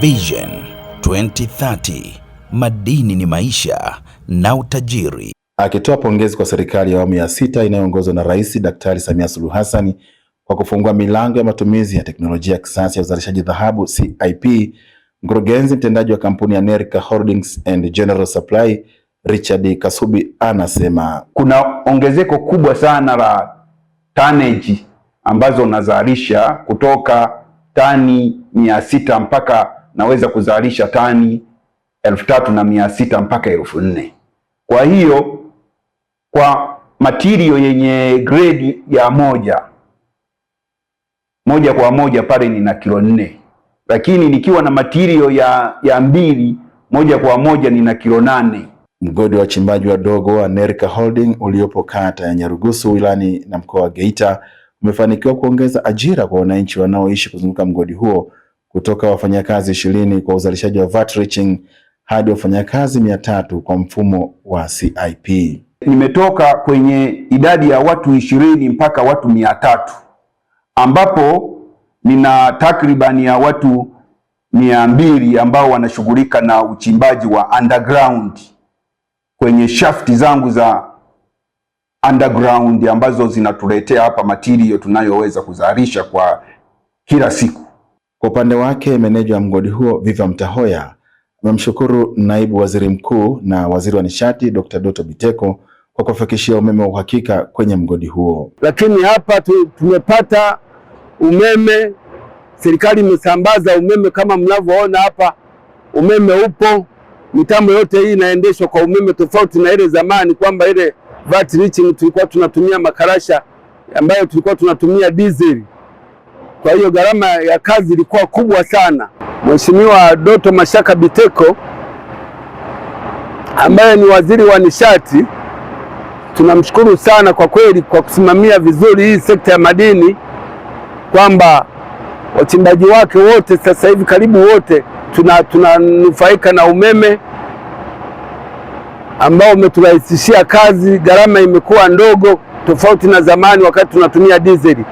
Vision 2030 madini ni maisha na utajiri. Akitoa pongezi kwa serikali ya awamu ya sita inayoongozwa na Rais Daktari Samia Suluhu Hassan kwa kufungua milango ya matumizi ya teknolojia ya kisasa ya uzalishaji dhahabu CIP, mkurugenzi mtendaji wa kampuni ya Nerica Holdings and General Supply Richard Kasubi anasema kuna ongezeko kubwa sana la tonnage ambazo unazalisha kutoka tani mia sita mpaka naweza kuzalisha tani elfu tatu na mia sita mpaka elfu nne. Kwa hiyo kwa matirio yenye gredi ya moja moja kwa moja pale nina kilo nne, lakini nikiwa na matirio ya, ya mbili moja kwa moja nina kilo nane. Mgodi wa wachimbaji wadogo wa Nerica Holding uliopo kata ya Nyarugusu wilani na mkoa wa Geita umefanikiwa kuongeza ajira kwa wananchi wanaoishi kuzunguka mgodi huo kutoka wafanyakazi ishirini kwa uzalishaji wa VAT reaching hadi wafanyakazi mia tatu kwa mfumo wa CIP. Nimetoka kwenye idadi ya watu ishirini mpaka watu mia tatu ambapo nina takribani ya watu mia mbili ambao wanashughulika na uchimbaji wa underground kwenye shafti zangu za underground ambazo zinatuletea hapa material tunayoweza kuzalisha kwa kila siku. Kwa upande wake meneja wa mgodi huo Viva Mtahoya amemshukuru naibu waziri mkuu na waziri wa nishati Dr. Doto Biteko kwa kufikishia umeme wa uhakika kwenye mgodi huo. Lakini hapa tumepata umeme, serikali imesambaza umeme kama mnavyoona hapa, umeme upo, mitambo yote hii inaendeshwa kwa umeme, tofauti na ile zamani kwamba ile VAT reaching tulikuwa tunatumia makarasha ambayo tulikuwa tunatumia dizeli. Kwa hiyo gharama ya kazi ilikuwa kubwa sana. Mheshimiwa Doto Mashaka Biteko ambaye ni waziri wa nishati, tunamshukuru sana kwa kweli kwa kusimamia vizuri hii sekta ya madini, kwamba wachimbaji wake wote sasa hivi karibu wote tunanufaika tuna na umeme ambao umeturahisishia kazi, gharama imekuwa ndogo tofauti na zamani wakati tunatumia dizeli.